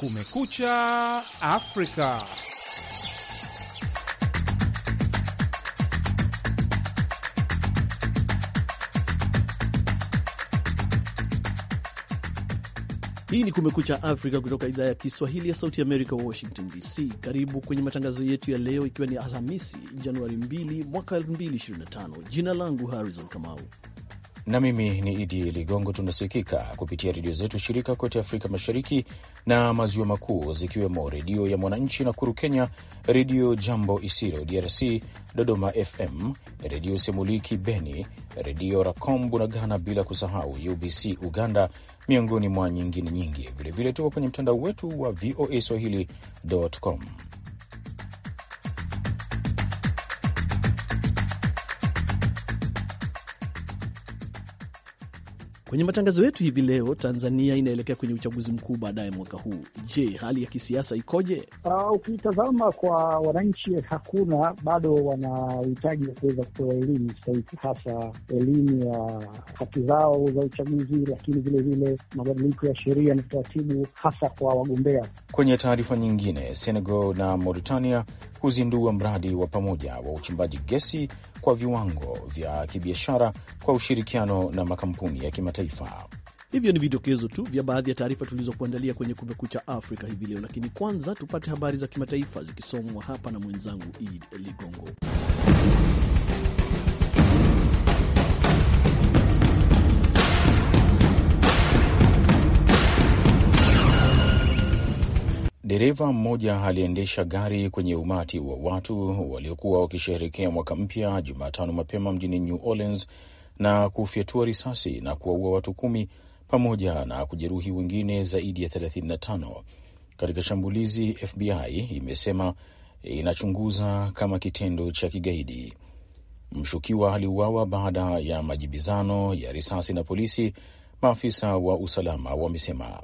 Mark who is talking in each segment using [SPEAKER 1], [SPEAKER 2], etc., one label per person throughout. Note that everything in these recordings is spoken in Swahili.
[SPEAKER 1] Kumekucha Afrika.
[SPEAKER 2] Hii ni Kumekucha Afrika kutoka idhaa ya Kiswahili ya Sauti Amerika, Washington DC. Karibu kwenye matangazo yetu ya leo, ikiwa ni Alhamisi Januari 2 mwaka 2025. Jina langu Harrison Kamau
[SPEAKER 3] na mimi ni Idi Ligongo. Tunasikika kupitia redio zetu shirika kote Afrika Mashariki na Maziwa Makuu, zikiwemo Redio ya Mwananchi na Kuru Kenya, Redio Jambo Isiro DRC, Dodoma FM, Redio Semuliki Beni, Redio Racom Bunagana, Ghana, bila kusahau UBC Uganda, miongoni mwa nyingine nyingi. Vilevile tuko kwenye mtandao wetu wa VOA swahili.com.
[SPEAKER 2] Kwenye matangazo yetu hivi leo, Tanzania inaelekea kwenye uchaguzi mkuu baadaye mwaka huu. Je, hali ya kisiasa ikoje?
[SPEAKER 4] Ah, ukitazama kwa wananchi, hakuna bado wana uhitaji wa kuweza kupewa elimu sahihi, hasa elimu ya haki zao za uchaguzi, lakini vilevile mabadiliko ya sheria na taratibu, hasa kwa wagombea.
[SPEAKER 3] Kwenye taarifa nyingine, Senegal na Mauritania huzindua mradi wa pamoja wa uchimbaji gesi kwa viwango vya kibiashara kwa ushirikiano na makampuni ya kimataifa.
[SPEAKER 2] Hivyo ni vidokezo tu vya baadhi ya taarifa tulizokuandalia kwenye Kumekucha Afrika hivi leo, lakini kwanza tupate habari za kimataifa zikisomwa hapa na mwenzangu Id Ligongo.
[SPEAKER 3] Dereva mmoja aliendesha gari kwenye umati wa watu waliokuwa wakisherehekea mwaka mpya Jumatano mapema mjini New Orleans na kufyatua risasi na kuwaua watu kumi pamoja na kujeruhi wengine zaidi ya 35 katika shambulizi. FBI imesema inachunguza kama kitendo cha kigaidi. Mshukiwa aliuawa baada ya majibizano ya risasi na polisi, maafisa wa usalama wamesema.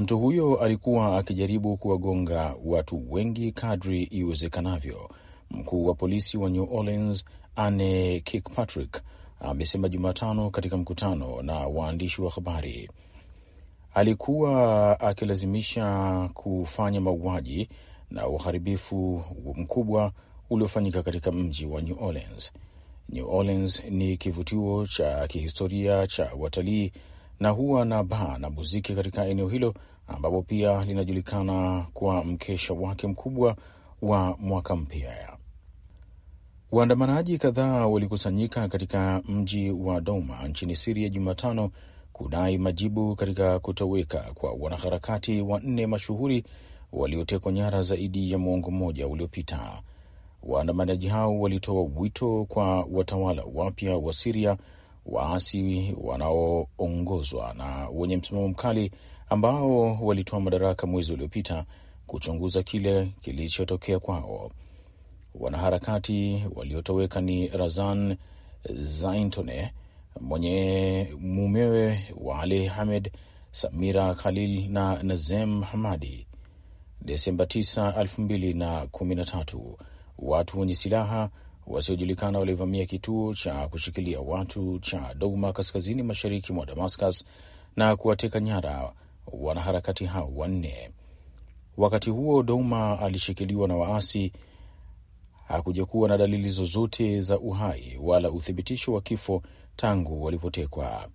[SPEAKER 3] Mtu huyo alikuwa akijaribu kuwagonga watu wengi kadri iwezekanavyo. Mkuu wa polisi wa New Orleans Anne Kirkpatrick amesema Jumatano katika mkutano na waandishi wa habari, alikuwa akilazimisha kufanya mauaji na uharibifu mkubwa uliofanyika katika mji wa New Orleans. New Orleans ni kivutio cha kihistoria cha watalii na huwa na baa na muziki katika eneo hilo ambapo pia linajulikana kwa mkesha wake mkubwa wa mwaka mpya. Waandamanaji kadhaa walikusanyika katika mji wa Douma nchini Siria Jumatano kudai majibu katika kutoweka kwa wanaharakati wanne mashuhuri waliotekwa nyara zaidi ya mwongo mmoja uliopita. Waandamanaji hao walitoa wito kwa watawala wapya wa Siria waasi wanaoongozwa na wenye msimamo mkali ambao walitoa madaraka mwezi uliopita kuchunguza kile kilichotokea kwao. Wanaharakati waliotoweka ni Razan Zaintone mwenye mumewe ali Hamed, Samira Khalil na Nazem Hamadi. Desemba 9, 2013 watu wenye silaha wasiojulikana walivamia kituo cha kushikilia watu cha Douma kaskazini mashariki mwa Damascus na kuwateka nyara wanaharakati hao wanne. Wakati huo Douma alishikiliwa na waasi. Hakuja kuwa na dalili zozote za uhai wala uthibitisho wa kifo tangu walipotekwa.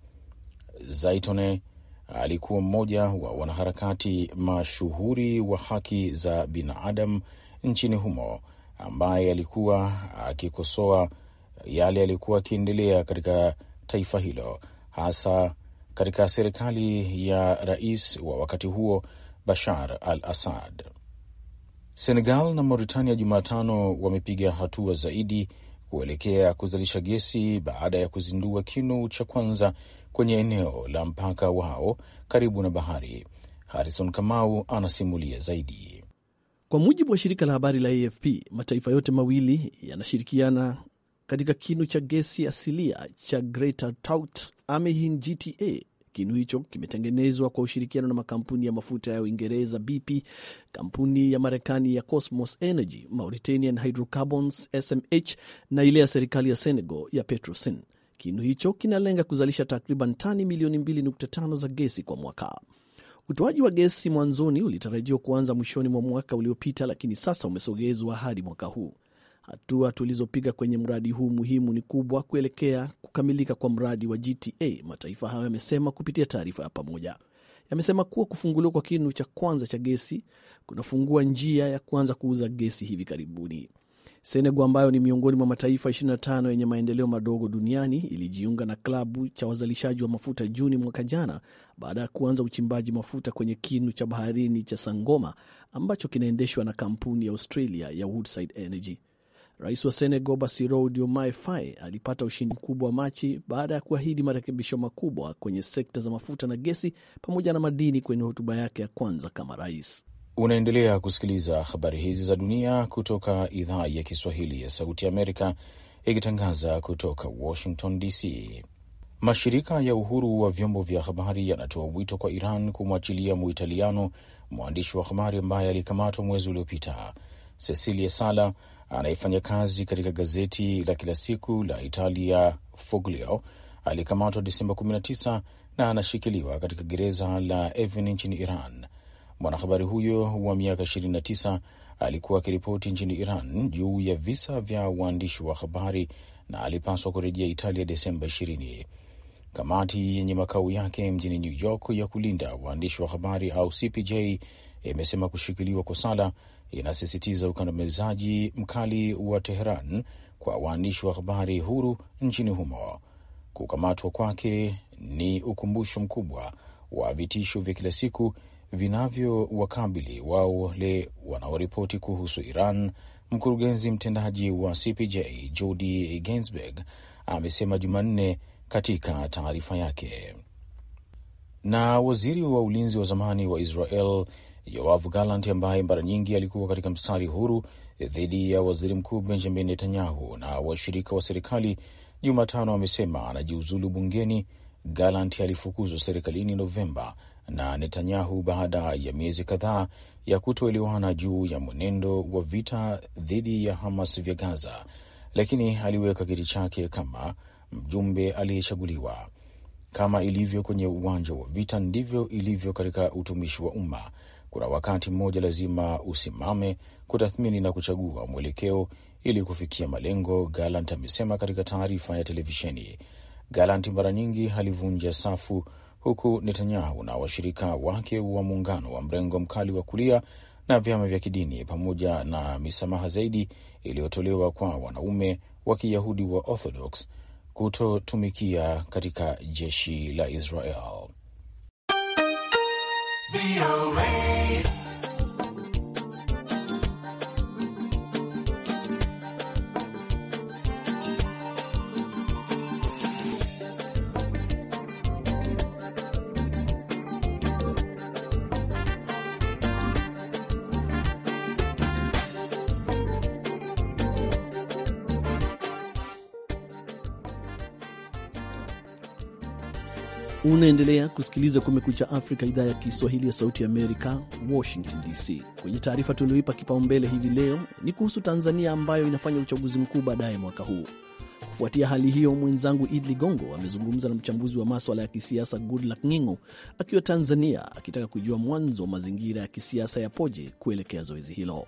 [SPEAKER 3] Zaitone alikuwa mmoja wa wanaharakati mashuhuri wa haki za binadamu nchini humo ambaye alikuwa akikosoa yale yalikuwa akiendelea katika taifa hilo, hasa katika serikali ya rais wa wakati huo Bashar al-Assad. Senegal na Mauritania Jumatano wamepiga hatua zaidi kuelekea kuzalisha gesi baada ya kuzindua kinu cha kwanza kwenye eneo la mpaka wao karibu na bahari. harison Kamau anasimulia zaidi. Kwa mujibu wa shirika la habari la AFP,
[SPEAKER 2] mataifa yote mawili yanashirikiana katika kinu cha gesi asilia cha Greater Tout Amehin GTA. Kinu hicho kimetengenezwa kwa ushirikiano na makampuni ya mafuta ya Uingereza BP, kampuni ya Marekani ya Cosmos Energy, Mauritanian Hydrocarbons SMH na ile ya serikali ya Senegal ya Petrosen. Kinu hicho kinalenga kuzalisha takriban tani milioni 2.5 za gesi kwa mwaka. Utoaji wa gesi mwanzoni ulitarajiwa kuanza mwishoni mwa mwaka uliopita, lakini sasa umesogezwa hadi mwaka huu. Hatua tulizopiga kwenye mradi huu muhimu ni kubwa kuelekea kukamilika kwa mradi wa GTA, mataifa hayo yamesema kupitia taarifa ya pamoja. Yamesema kuwa kufunguliwa kwa kinu cha kwanza cha gesi kunafungua njia ya kuanza kuuza gesi hivi karibuni. Senegal ambayo ni miongoni mwa mataifa 25 yenye maendeleo madogo duniani ilijiunga na klabu cha wazalishaji wa mafuta Juni mwaka jana baada ya kuanza uchimbaji mafuta kwenye kinu cha baharini cha Sangoma ambacho kinaendeshwa na kampuni ya Australia ya Woodside Energy. Rais wa Senegal Bassirou Diomaye Faye alipata ushindi mkubwa Machi baada ya kuahidi marekebisho makubwa kwenye sekta za mafuta na gesi pamoja na madini kwenye hotuba yake ya kwanza kama rais.
[SPEAKER 3] Unaendelea kusikiliza habari hizi za dunia kutoka idhaa ya Kiswahili ya Sauti ya Amerika ikitangaza kutoka Washington DC. Mashirika ya uhuru wa vyombo vya habari yanatoa wito kwa Iran kumwachilia Muitaliano mwandishi wa habari ambaye alikamatwa mwezi uliopita. Cecilia Sala anayefanya kazi katika gazeti la kila siku la Italia Foglio alikamatwa Desemba 19 na anashikiliwa katika gereza la Evin nchini Iran. Mwanahabari huyo wa miaka 29 alikuwa akiripoti nchini Iran juu ya visa vya waandishi wa habari na alipaswa kurejea Italia Desemba 20. Kamati yenye makao yake mjini New York ya kulinda waandishi wa habari au CPJ imesema kushikiliwa kwa Sala inasisitiza ukandamizaji mkali wa Teheran kwa waandishi wa habari huru nchini humo. Kukamatwa kwake ni ukumbusho mkubwa wa vitisho vya kila siku vinavyowakabili wale wanaoripoti kuhusu Iran. Mkurugenzi mtendaji wa CPJ Jody Ginsberg amesema Jumanne katika taarifa yake. Na waziri wa ulinzi wa zamani wa Israel Yoav Gallant, ambaye mara nyingi alikuwa katika mstari huru dhidi ya waziri mkuu Benjamin Netanyahu na washirika wa serikali, Jumatano amesema anajiuzulu bungeni. Gallant alifukuzwa serikalini Novemba na Netanyahu baada ya miezi kadhaa ya kutoelewana juu ya mwenendo wa vita dhidi ya Hamas vya Gaza, lakini aliweka kiti chake kama mjumbe aliyechaguliwa. Kama ilivyo kwenye uwanja wa vita, ndivyo ilivyo katika utumishi wa umma. Kuna wakati mmoja lazima usimame kutathmini na kuchagua mwelekeo ili kufikia malengo, Galant amesema katika taarifa ya televisheni. Galant mara nyingi alivunja safu huku Netanyahu na washirika wake wa muungano wa mrengo mkali wa kulia na vyama vya kidini pamoja na misamaha zaidi iliyotolewa kwa wanaume wa Kiyahudi wa Orthodox kutotumikia katika jeshi la Israel.
[SPEAKER 2] Unaendelea kusikiliza Kumekucha Afrika, idhaa ya Kiswahili ya Sauti Amerika, Washington DC. Kwenye taarifa tulioipa kipaumbele hivi leo ni kuhusu Tanzania ambayo inafanya uchaguzi mkuu baadaye mwaka huu. Kufuatia hali hiyo, mwenzangu Id Ligongo amezungumza na mchambuzi wa maswala ya kisiasa Goodluck Ngingo akiwa Tanzania, akitaka kujua mwanzo mazingira ya kisiasa yapoje kuelekea zoezi hilo.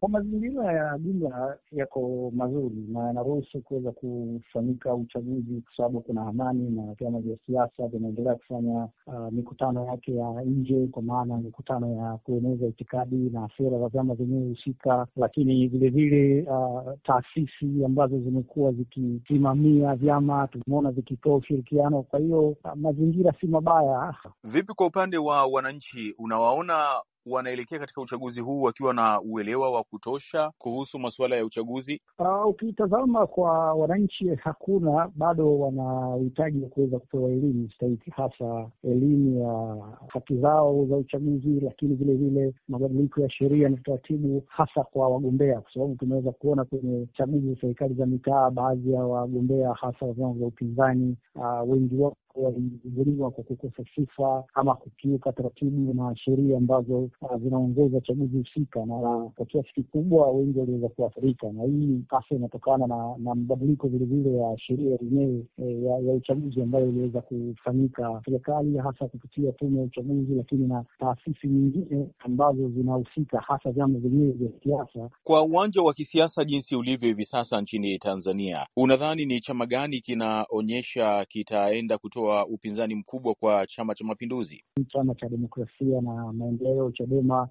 [SPEAKER 4] Kwa mazingira ya jumla yako mazuri na yanaruhusu kuweza kufanyika uchaguzi, kwa sababu kuna amani na vyama vya siasa vinaendelea kufanya uh, mikutano yake ya nje, kwa maana mikutano ya kueneza itikadi na sera za vyama vyenyewe husika, lakini vilevile uh, taasisi ambazo zimekuwa zikisimamia vyama tumeona vikitoa ushirikiano. Kwa hiyo uh, mazingira si mabaya.
[SPEAKER 3] Vipi kwa upande wa wananchi, unawaona wanaelekea katika uchaguzi huu wakiwa na uelewa wa kutosha kuhusu masuala ya uchaguzi?
[SPEAKER 4] Ah, ukitazama uh, kwa wananchi, hakuna bado wana uhitaji wa kuweza kupewa elimu stahiki, hasa elimu ya haki zao za uchaguzi, lakini vilevile mabadiliko ya sheria na taratibu, hasa kwa wagombea, kwa sababu tumeweza kuona kwenye chaguzi za serikali za mitaa, baadhi ya wagombea hasa wa vyama vya upinzani uh, wengi wao walizuguliwa kwa kukosa sifa ama kukiuka taratibu na sheria ambazo ah, zinaongoza chaguzi husika, na ah, kwa kiasi kikubwa wengi waliweza kuathirika, na hii hasa inatokana na na mabadiliko vilevile ya sheria yenyewe eh, ya uchaguzi ambayo iliweza kufanyika serikali hasa kupitia tume ya uchaguzi, lakini na taasisi nyingine ambazo zinahusika hasa vyama vyenyewe vya kisiasa
[SPEAKER 3] Kwa uwanja wa kisiasa jinsi ulivyo hivi sasa nchini Tanzania, unadhani ni chama gani kinaonyesha kitaenda kutoa wa upinzani mkubwa kwa Chama cha Mapinduzi.
[SPEAKER 4] Chama cha Demokrasia na Maendeleo, Chadema,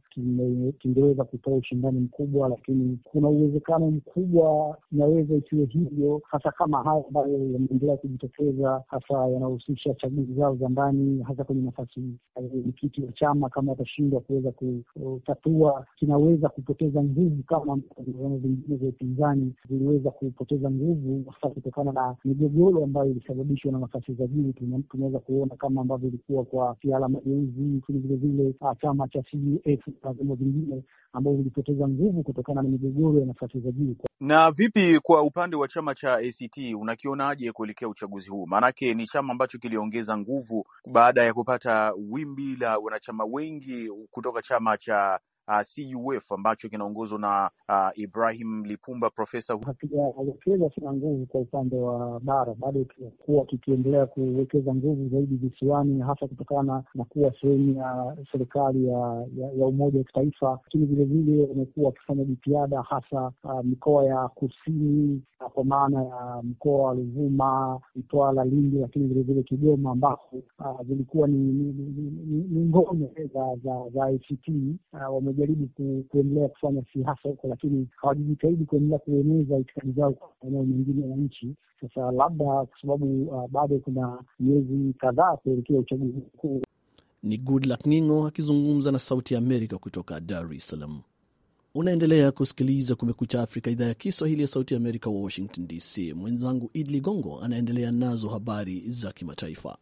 [SPEAKER 4] kingeweza kutoa ushindani mkubwa, lakini kuna uwezekano mkubwa inaweza isiwe hivyo, hasa kama haya ambayo yameendelea kujitokeza, hasa yanahusisha chaguzi zao za ndani, hasa kwenye nafasi mwenyekiti wa chama. Kama watashindwa kuweza kutatua, kinaweza kupoteza nguvu, kama vyama vingine vya upinzani viliweza kupoteza nguvu, hasa kutokana na migogoro ambayo ilisababishwa na nafasi za juu tumeweza kuona kama ambavyo ilikuwa kwa Kiala Mageuzi, lakini vilevile ah, chama cha CUF na vyama vingine ambavyo vilipoteza nguvu kutokana na migogoro ya nafasi za juu.
[SPEAKER 3] Na vipi kwa upande wa chama cha ACT unakionaje kuelekea uchaguzi huu? Maanake ni chama ambacho kiliongeza nguvu baada ya kupata wimbi la wanachama wengi kutoka chama cha uh, ah, CUF ambacho kinaongozwa na uh, Ibrahim Lipumba, profesa
[SPEAKER 4] hajatuweza sana nguvu kwa upande wa bara, bado kuwa kikiendelea kuwekeza nguvu zaidi visiwani, hasa kutokana na kuwa sehemu ya serikali ya, ya, ya umoja wa kitaifa, lakini vilevile wamekuwa wakifanya jitihada hasa uh, mikoa ya kusini kwa maana ya mkoa wa Ruvuma, Mtwara, Lindi, lakini vilevile Kigoma ambapo uh, zilikuwa ni ngome ni, ni, ni, za, za, za ICT uh, wame wanajaribu kuendelea kufanya siasa huko, lakini hawajijitahidi kuendelea kueneza itikadi zao kwa maeneo mengine ya nchi. Sasa labda kwa sababu uh, bado kuna miezi kadhaa kuelekea uchaguzi mkuu.
[SPEAKER 2] Ni Goodluck Ngingo akizungumza na Sauti ya Amerika kutoka Dar es Salaam. Unaendelea kusikiliza Kumekucha Afrika, idhaa ya Kiswahili ya Sauti Amerika, Washington DC. Mwenzangu Idli Gongo anaendelea nazo habari za kimataifa.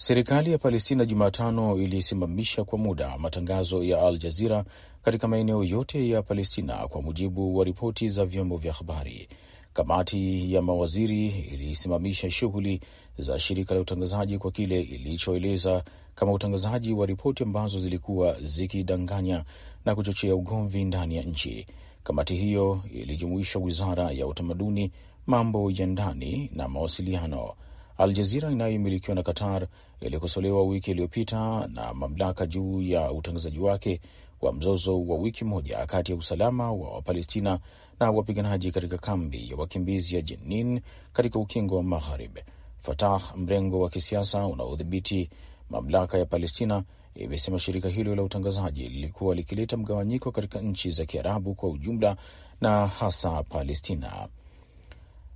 [SPEAKER 3] Serikali ya Palestina Jumatano ilisimamisha kwa muda matangazo ya Al Jazira katika maeneo yote ya Palestina, kwa mujibu wa ripoti za vyombo vya habari. Kamati ya mawaziri ilisimamisha shughuli za shirika la utangazaji kwa kile ilichoeleza kama utangazaji wa ripoti ambazo zilikuwa zikidanganya na kuchochea ugomvi ndani ya nchi. Kamati hiyo ilijumuisha wizara ya utamaduni, mambo ya ndani na mawasiliano. Al Jazira inayomilikiwa na Qatar ilikosolewa wiki iliyopita na mamlaka juu ya utangazaji wake wa mzozo wa wiki moja kati ya usalama wa Wapalestina na wapiganaji katika kambi ya wakimbizi ya Jenin katika ukingo wa Magharib. Fatah, mrengo wa kisiasa unaodhibiti mamlaka ya Palestina, imesema shirika hilo la utangazaji lilikuwa likileta mgawanyiko katika nchi za Kiarabu kwa ujumla na hasa Palestina.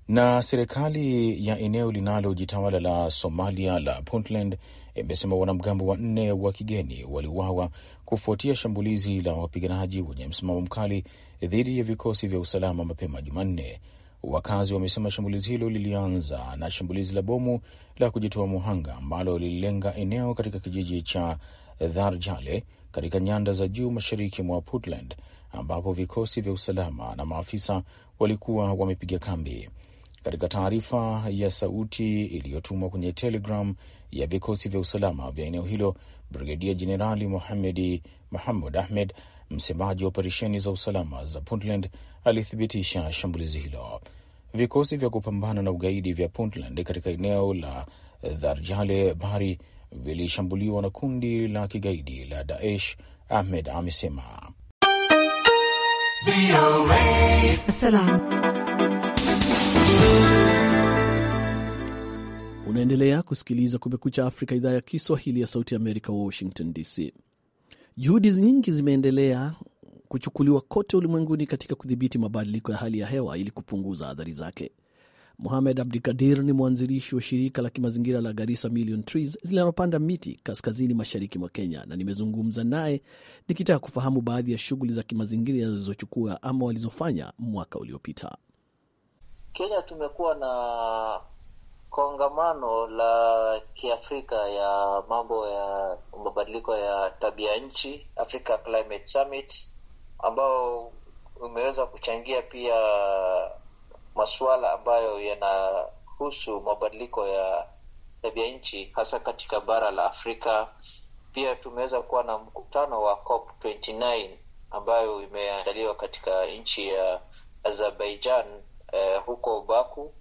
[SPEAKER 3] Na serikali ya eneo linalojitawala la Somalia la Puntland imesema wanamgambo wanne wa kigeni waliuawa kufuatia shambulizi la wapiganaji wenye msimamo mkali dhidi ya vikosi vya usalama mapema Jumanne. Wakazi wamesema shambulizi hilo lilianza na shambulizi la bomu la kujitoa muhanga ambalo lililenga eneo katika kijiji cha Dharjale katika nyanda za juu mashariki mwa Puntland ambapo vikosi vya usalama na maafisa walikuwa wamepiga kambi katika taarifa ya sauti iliyotumwa kwenye Telegram ya vikosi vya usalama vya eneo hilo, Brigedia Jenerali muhamedi muhamud Ahmed, msemaji wa operesheni za usalama za Puntland, alithibitisha shambulizi hilo. Vikosi vya kupambana na ugaidi vya Puntland katika eneo la Dharjale Bari vilishambuliwa na kundi la kigaidi la Daesh, Ahmed amesema.
[SPEAKER 2] Unaendelea kusikiliza Kumekucha Afrika, idhaa ya Kiswahili ya Sauti Amerika, Washington DC. Juhudi nyingi zimeendelea kuchukuliwa kote ulimwenguni katika kudhibiti mabadiliko ya hali ya hewa ili kupunguza athari zake. muhamed Abdikadir ni mwanzilishi wa shirika la kimazingira la Garisa Million Trees linalopanda miti kaskazini mashariki mwa Kenya, na nimezungumza naye nikitaka kufahamu baadhi ya shughuli za kimazingira zilizochukua ama walizofanya mwaka uliopita.
[SPEAKER 4] Kenya
[SPEAKER 5] tumekuwa na kongamano la kiafrika ya mambo ya mabadiliko ya tabia nchi, Africa Climate Summit, ambao umeweza kuchangia pia masuala ambayo yanahusu mabadiliko ya tabia nchi hasa katika bara la Afrika. Pia tumeweza kuwa na mkutano wa COP 29 ambayo imeandaliwa katika nchi ya Azerbaijan eh, huko Baku,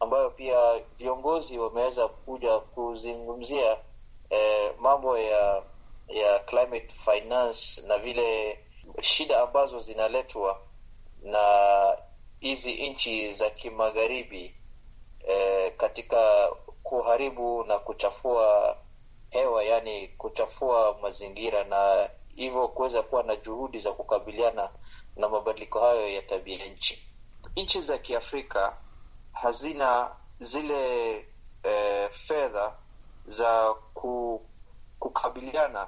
[SPEAKER 5] ambayo pia viongozi wameweza kuja kuzungumzia eh, mambo ya ya climate finance na vile shida ambazo zinaletwa na hizi nchi za kimagharibi eh, katika kuharibu na kuchafua hewa, yaani kuchafua mazingira na hivyo kuweza kuwa na juhudi za kukabiliana na mabadiliko hayo ya tabia nchi nchi za Kiafrika hazina zile eh, fedha za kukabiliana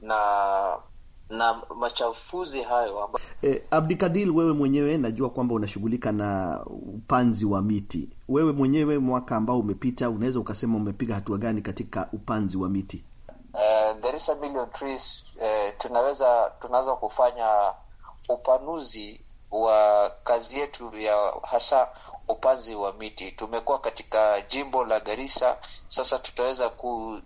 [SPEAKER 5] na na machafuzi hayo.
[SPEAKER 2] E, Abdikadil, wewe mwenyewe najua kwamba unashughulika na upanzi wa miti. Wewe mwenyewe mwaka ambao umepita, unaweza ukasema umepiga hatua gani katika upanzi wa miti?
[SPEAKER 5] Uh, there is a million trees. Uh, tunaweza tunaweza kufanya upanuzi wa kazi yetu ya hasa upanzi wa miti. Tumekuwa katika jimbo la Garissa, sasa tutaweza ku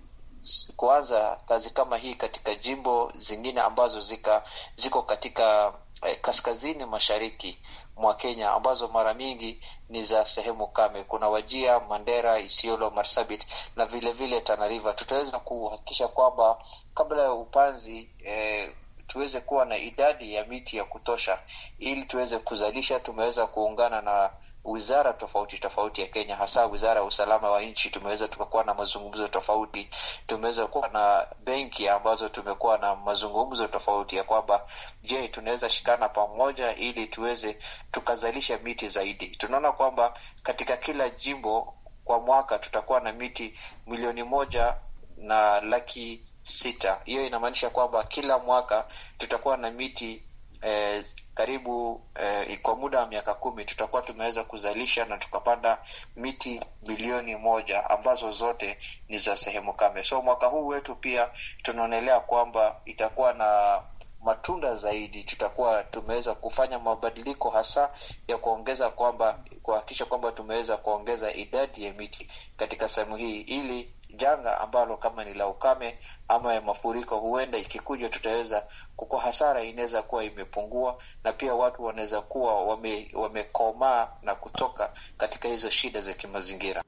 [SPEAKER 5] kuanza kazi kama hii katika jimbo zingine ambazo zika, ziko katika eh, kaskazini mashariki mwa Kenya ambazo mara mingi ni za sehemu kame. Kuna Wajia, Mandera, Isiolo, Marsabit na vilevile Tana River. Tutaweza kuhakikisha kwamba kabla ya upanzi eh, tuweze kuwa na idadi ya miti ya kutosha ili tuweze kuzalisha. Tumeweza kuungana na wizara tofauti tofauti ya Kenya, hasa wizara ya usalama wa nchi. Tumeweza tukakuwa na mazungumzo tofauti, tumeweza kuwa na benki ambazo tumekuwa na mazungumzo tofauti ya kwamba, je, tunaweza shikana pamoja ili tuweze tukazalisha miti zaidi. Tunaona kwamba katika kila jimbo kwa mwaka tutakuwa na miti milioni moja na laki sita. Hiyo inamaanisha kwamba kila mwaka tutakuwa na miti eh, karibu eh, kwa muda wa miaka kumi tutakuwa tumeweza kuzalisha na tukapanda miti bilioni moja ambazo zote ni za sehemu kame. So mwaka huu wetu pia tunaonelea kwamba itakuwa na matunda zaidi. Tutakuwa tumeweza kufanya mabadiliko hasa ya kuongeza kwamba kuhakikisha kwamba tumeweza kuongeza idadi ya miti katika sehemu hii ili janga ambalo kama ni la ukame ama ya mafuriko, huenda ikikuja, tutaweza kukuwa hasara inaweza kuwa imepungua, na pia watu wanaweza kuwa wame, wamekomaa na kutoka katika hizo shida za kimazingira.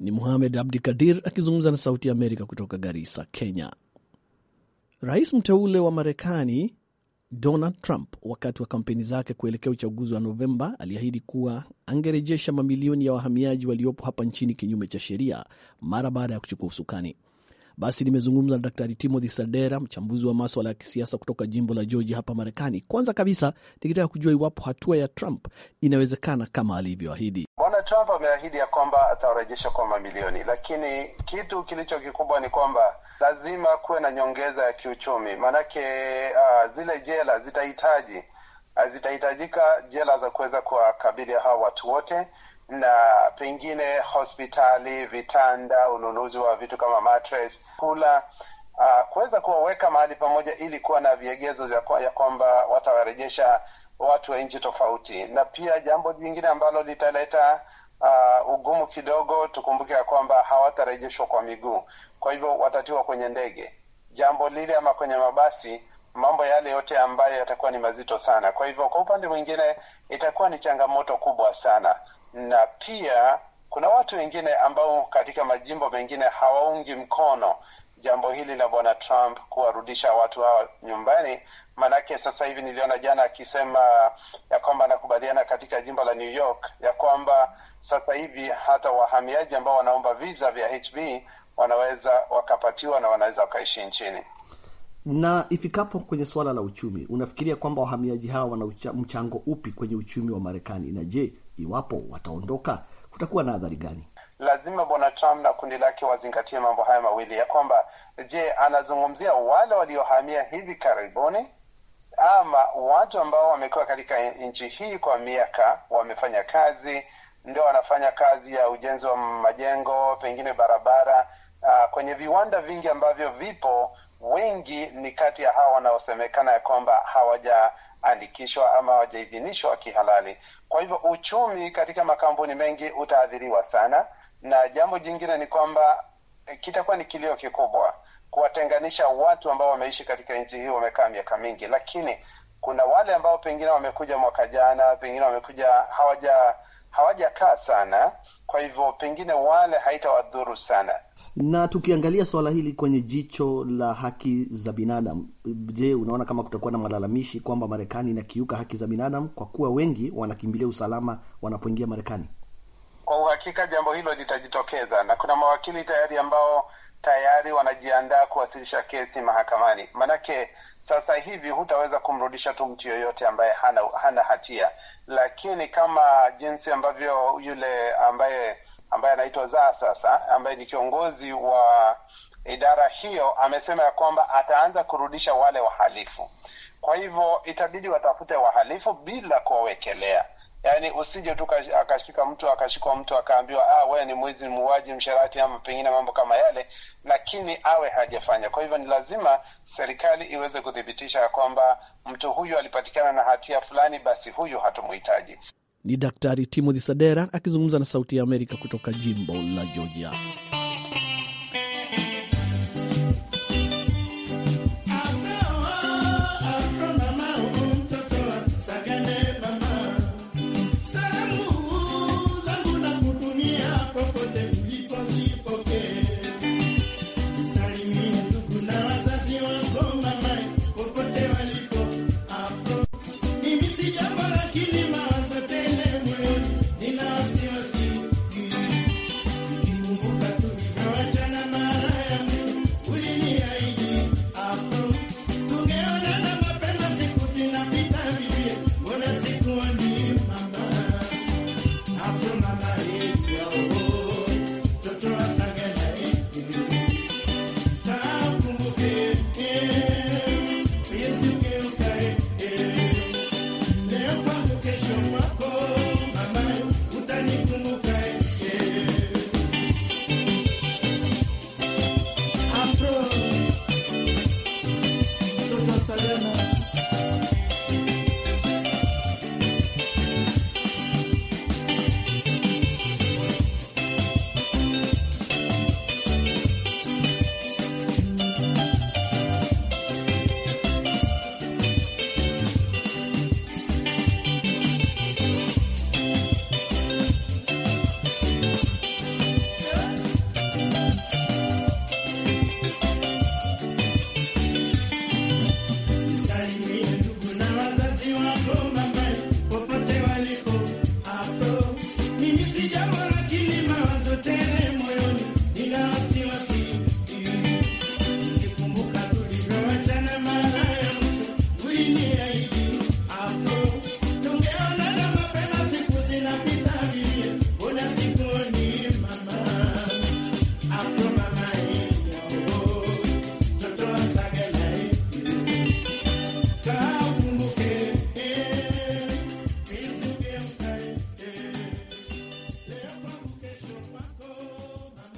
[SPEAKER 2] Ni Muhamed Abdi Kadir akizungumza na Sauti ya Amerika kutoka Garissa, Kenya. Rais mteule wa Marekani Donald Trump wakati wa kampeni zake kuelekea uchaguzi wa Novemba aliahidi kuwa angerejesha mamilioni ya wahamiaji waliopo hapa nchini kinyume cha sheria mara baada ya kuchukua usukani. Basi nimezungumza na Daktari Timothy Sadera, mchambuzi wa maswala ya kisiasa kutoka jimbo la Georgia hapa Marekani, kwanza kabisa nikitaka kujua iwapo hatua ya Trump inawezekana kama alivyoahidi.
[SPEAKER 6] Trump ameahidi ya kwamba atawarejesha kwa mamilioni, lakini kitu kilicho kikubwa ni kwamba lazima kuwe na nyongeza ya kiuchumi, maanake uh, zile jela zitahitaji ah, zitahitajika jela za kuweza kuwakabili hawa watu wote, na pengine hospitali, vitanda, ununuzi wa vitu kama matres, kula uh, kuweza kuwaweka mahali pamoja ili kuwa na viegezo ya kwamba watawarejesha watu wa nchi tofauti. Na pia jambo jingine ambalo litaleta uh, ugumu kidogo. Tukumbuke ya kwamba hawatarejeshwa kwa miguu, kwa hivyo watatiwa kwenye ndege, jambo lile ama kwenye mabasi, mambo yale yote ambayo yatakuwa ni mazito sana. Kwa hivyo kwa upande mwingine itakuwa ni changamoto kubwa sana, na pia kuna watu wengine ambao katika majimbo mengine hawaungi mkono jambo hili la bwana Trump kuwarudisha watu hawa nyumbani. Maanake sasa hivi niliona jana akisema ya kwamba anakubaliana katika jimbo la New York ya kwamba sasa hivi hata wahamiaji ambao wanaomba visa vya HB wanaweza wakapatiwa na wanaweza wakaishi nchini.
[SPEAKER 2] Na ifikapo kwenye suala la uchumi, unafikiria kwamba wahamiaji hawa wana mchango upi kwenye uchumi wa Marekani? Na je, iwapo wataondoka, kutakuwa na adhari gani?
[SPEAKER 6] Lazima Bwana Trump na kundi lake wazingatie mambo haya mawili ya kwamba, je, anazungumzia wale waliohamia hivi karibuni ama watu ambao wamekuwa katika nchi hii kwa miaka, wamefanya kazi ndio wanafanya kazi ya ujenzi wa majengo, pengine barabara. Uh, kwenye viwanda vingi ambavyo vipo, wengi ni kati ya hawa wanaosemekana ya kwamba hawajaandikishwa ama hawajaidhinishwa kihalali. Kwa hivyo uchumi katika makampuni mengi utaathiriwa sana, na jambo jingine ni kwamba eh, kitakuwa ni kilio kikubwa kuwatenganisha watu ambao wameishi katika nchi hii, wamekaa miaka mingi, lakini kuna wale ambao pengine wamekuja mwaka jana, pengine wamekuja hawaja hawajakaa sana, kwa hivyo pengine wale haitawadhuru sana.
[SPEAKER 2] Na tukiangalia swala hili kwenye jicho la haki za binadamu, je, unaona kama kutakuwa na malalamishi kwamba Marekani inakiuka haki za binadamu kwa kuwa wengi wanakimbilia usalama wanapoingia Marekani?
[SPEAKER 6] Kwa uhakika jambo hilo litajitokeza, na kuna mawakili tayari ambao tayari wanajiandaa kuwasilisha kesi mahakamani, manake sasa hivi hutaweza kumrudisha tu mtu yoyote ambaye hana, hana hatia, lakini kama jinsi ambavyo yule ambaye ambaye anaitwa Zaa sasa ambaye ni kiongozi wa idara hiyo amesema ya kwamba ataanza kurudisha wale wahalifu. Kwa hivyo itabidi watafute wahalifu bila kuwawekelea yani usije tu akashika mtu akashikwa mtu akaambiwa, ah, wewe ni mwizi, muuaji, msharati ama pengine mambo kama yale, lakini awe hajafanya. Kwa hivyo ni lazima serikali iweze kuthibitisha kwamba mtu huyu alipatikana na hatia fulani, basi huyu hatumuhitaji.
[SPEAKER 2] Ni Daktari Timothy Sadera akizungumza na Sauti ya Amerika kutoka jimbo la Georgia.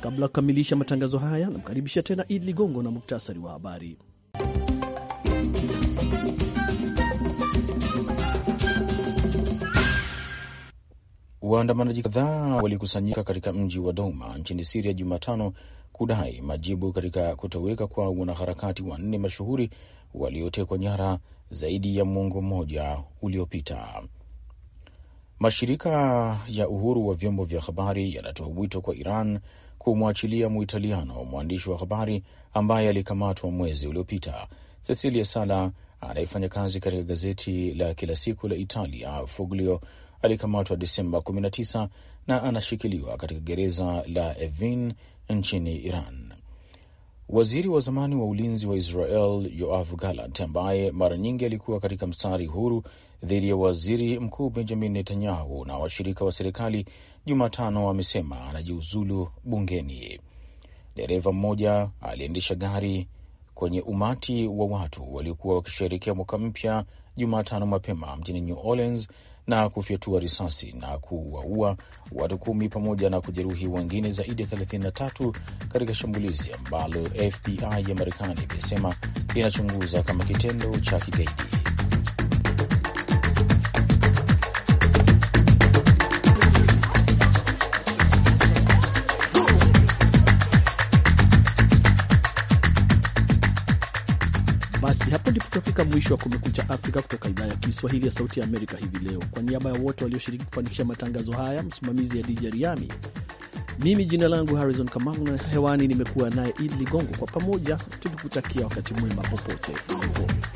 [SPEAKER 2] Kabla ya kukamilisha matangazo haya, namkaribisha tena Idi Ligongo na muktasari wa habari.
[SPEAKER 3] Waandamanaji kadhaa walikusanyika katika mji wa Douma nchini Siria Jumatano kudai majibu katika kutoweka kwa wanaharakati wanne mashuhuri waliotekwa nyara zaidi ya mwongo mmoja uliopita. Mashirika ya uhuru wa vyombo vya habari yanatoa wito kwa Iran kumwachilia Muitaliano mwandishi wa habari ambaye alikamatwa mwezi uliopita, Cecilia Sala anayefanya kazi katika gazeti la kila siku la Italia Foglio. Alikamatwa Desemba 19 na anashikiliwa katika gereza la Evin nchini Iran. Waziri wa zamani wa ulinzi wa Israel Yoav Gallant, ambaye mara nyingi alikuwa katika mstari huru dhidi ya waziri mkuu Benjamin Netanyahu na washirika wa serikali, Jumatano amesema anajiuzulu bungeni. Dereva mmoja aliendesha gari kwenye umati wa watu waliokuwa wakisherehekea mwaka mpya Jumatano mapema mjini New Orleans na kufyatua risasi na kuwaua watu kumi pamoja na kujeruhi wengine zaidi ya 33 katika shambulizi ambalo FBI ya Marekani imesema inachunguza kama kitendo cha kigaidi.
[SPEAKER 2] tunafika mwisho wa Kumekucha Afrika kutoka idhaa ya Kiswahili ya Sauti ya Amerika hivi leo. Kwa niaba ya wote walioshiriki kufanikisha matangazo haya, msimamizi ya DJ Riami, mimi jina langu Harrison Kamau na hewani nimekuwa naye Idi Ligongo, kwa pamoja tukikutakia wakati mwema popote ulipo.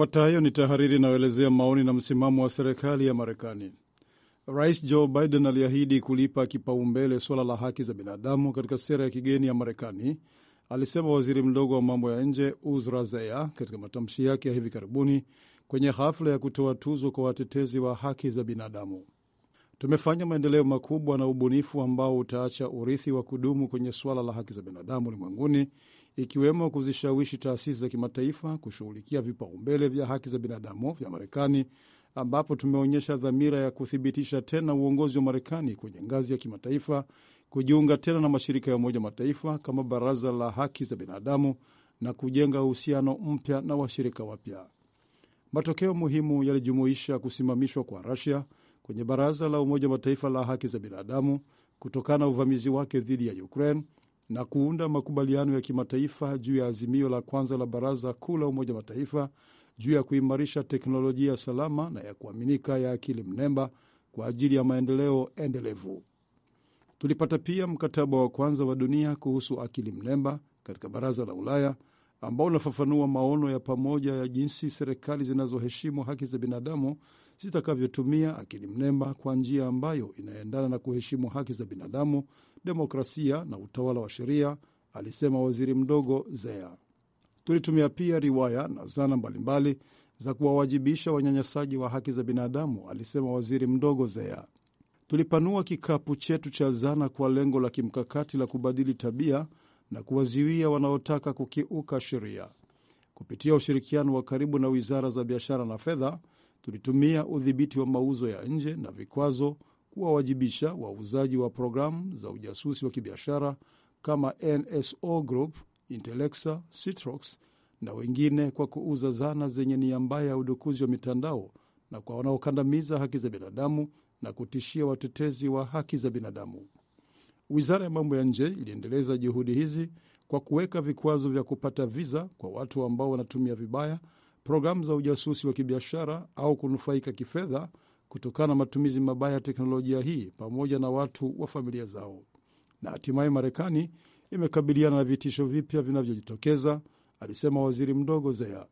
[SPEAKER 1] Ifuatayo ni tahariri inayoelezea maoni na msimamo wa serikali ya Marekani. Rais Joe Biden aliahidi kulipa kipaumbele suala la haki za binadamu katika sera ya kigeni ya Marekani, alisema waziri mdogo wa mambo ya nje Uzra Zeya katika matamshi yake ya hivi karibuni kwenye hafla ya kutoa tuzo kwa watetezi wa haki za binadamu. Tumefanya maendeleo makubwa na ubunifu ambao utaacha urithi wa kudumu kwenye suala la haki za binadamu ulimwenguni, ikiwemo kuzishawishi taasisi za kimataifa kushughulikia vipaumbele vya haki za binadamu vya Marekani, ambapo tumeonyesha dhamira ya kuthibitisha tena uongozi wa Marekani kwenye ngazi ya kimataifa kujiunga tena na mashirika ya Umoja Mataifa kama Baraza la Haki za Binadamu na kujenga uhusiano mpya na washirika wapya. Matokeo muhimu yalijumuisha kusimamishwa kwa rasia kwenye Baraza la Umoja Mataifa la Haki za Binadamu kutokana na uvamizi wake dhidi ya Ukraine na kuunda makubaliano ya kimataifa juu ya azimio la kwanza la Baraza Kuu la Umoja Mataifa juu ya kuimarisha teknolojia salama na ya kuaminika ya akili mnemba kwa ajili ya maendeleo endelevu. Tulipata pia mkataba wa kwanza wa dunia kuhusu akili mnemba katika Baraza la Ulaya ambao unafafanua maono ya pamoja ya jinsi serikali zinazoheshimu haki za binadamu zitakavyotumia akili mnemba kwa njia ambayo inaendana na kuheshimu haki za binadamu demokrasia na utawala wa sheria, alisema waziri mdogo Zea. Tulitumia pia riwaya na zana mbalimbali za kuwawajibisha wanyanyasaji wa haki za binadamu, alisema waziri mdogo Zea. Tulipanua kikapu chetu cha zana kwa lengo la kimkakati la kubadili tabia na kuwaziwia wanaotaka kukiuka sheria. Kupitia ushirikiano wa karibu na wizara za biashara na fedha, tulitumia udhibiti wa mauzo ya nje na vikwazo kuwawajibisha wauzaji wa programu za ujasusi wa kibiashara kama NSO Group, Intelexa, Citrox na wengine kwa kuuza zana zenye nia mbaya ya udukuzi wa mitandao na kwa wanaokandamiza haki za binadamu na kutishia watetezi wa haki za binadamu. Wizara ya mambo ya nje iliendeleza juhudi hizi kwa kuweka vikwazo vya kupata viza kwa watu ambao wanatumia vibaya programu za ujasusi wa kibiashara au kunufaika kifedha kutokana na matumizi mabaya ya teknolojia hii pamoja na watu wa familia zao. Na hatimaye Marekani imekabiliana na vitisho vipya vinavyojitokeza, alisema waziri mdogo Zea.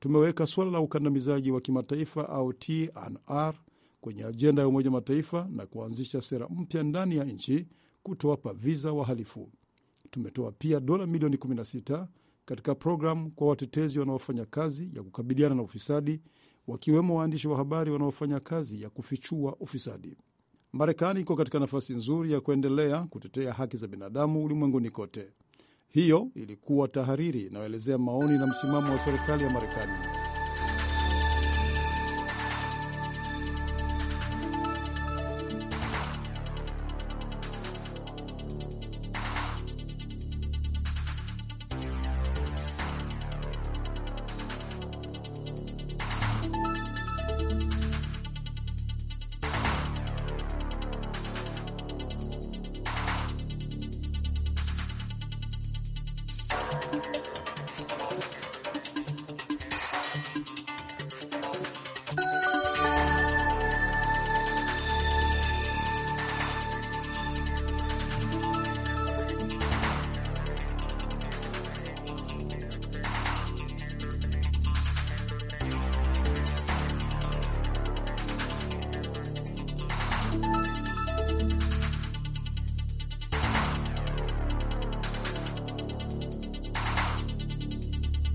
[SPEAKER 1] Tumeweka suala la ukandamizaji wa kimataifa au TNR kwenye ajenda ya Umoja Mataifa na kuanzisha sera mpya ndani ya nchi kutowapa viza wahalifu. Tumetoa pia dola milioni 16 katika programu kwa watetezi wanaofanya kazi ya kukabiliana na ufisadi wakiwemo waandishi wa habari wanaofanya kazi ya kufichua ufisadi. Marekani iko katika nafasi nzuri ya kuendelea kutetea haki za binadamu ulimwenguni kote. Hiyo ilikuwa tahariri inayoelezea maoni na msimamo wa serikali ya Marekani.